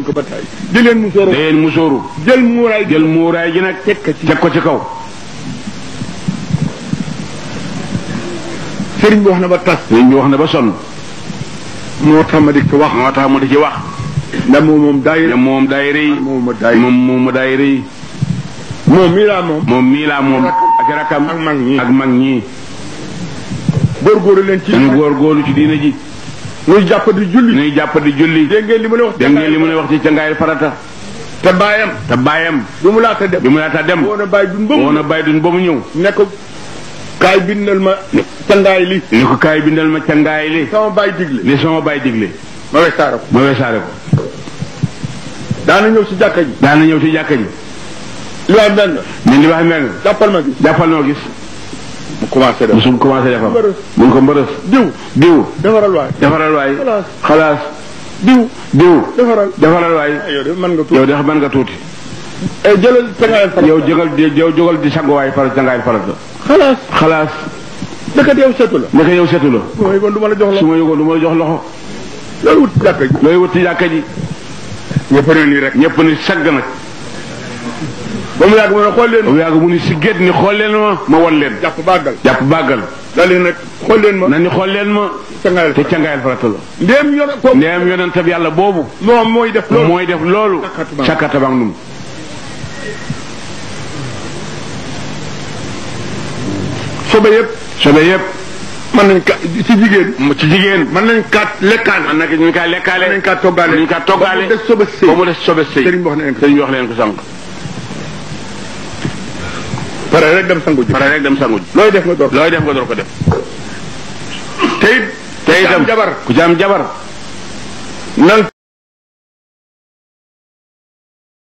nañ ko ba taay di leen musóoru. jël muuraay jël muuraay ji nag. teg ci teg ko ci kaw. sëriñ bi wax na ba tas. sëriñ bi wax na ba son moo tax ma di ko wax. moo tax ma di ci wax. ndax moom moom daayira moom daayira yi moom moom moom mii laa rakam ak mag ñii ak mag leen ci góorgóorlu ci nuy jàppa di julli. nuy jàpp di julli. dégg li mu lay wax ci dégg ngeen li mu lay wax farata. te baayam. te baayam. bi mu laata dem bi mu laata dem. woon a ba mu woon a bàyyi dun ba mu ñëw. ne ko kaay bindal ma. cangaay li. ne ko kaay bindal ma cangaay li. sama baay digle. li sama baay digle. ma wesaare ko. ma wesaare ko. daana ñëw si jàkka ji. daana ñëw si jàkka ji. li wax mel na. mais jàppal ma gis. mu commencé def suñ commencé defam mun ko mbërëf diw diw defaral waay defaral waay xalaas diw diw defaral defaral waay ah, yow de mën nga tuuti yow de mën nga tuuti eh, jëlal sangaayal farata yow jógal di yow jógal di sanguwaay farata sangaayal farata xalaas xalaas ndeket yow setu la ndeket yow setu la su ma yëgoon du la jox loxo su ma yëgoon du ma jox loxo loolu wut ci jàkka ji loolu wut ci jàkka ji ñëpp rek ñëpp ni sagg nag ba mu yàgg mu ne xool leen ba yàgg mu ni si gétt ni xool leen ma ma wan leen jàpp bàggal jàpp bàggal leen ma na ni xool leen ma cangaayal te cangaayal farata la ndéem yon ko yàlla boobu moom mooy def loolu mooy def loolu càkkata baa num sobe yëpp sobe yëpp mën nañ ka ci jigéen ci jigéen mën nañ kaa lekkaale mën nañ kaa lekkaale mën toggaale ba mu des sobe sëy ba mu des wax leen ko sànq pare rek dem sangu ji pare rek dem sangu ji. looy def nga door looy def nga door ko def. tey tey itam ku ci am jabar ku ci am jabar. nan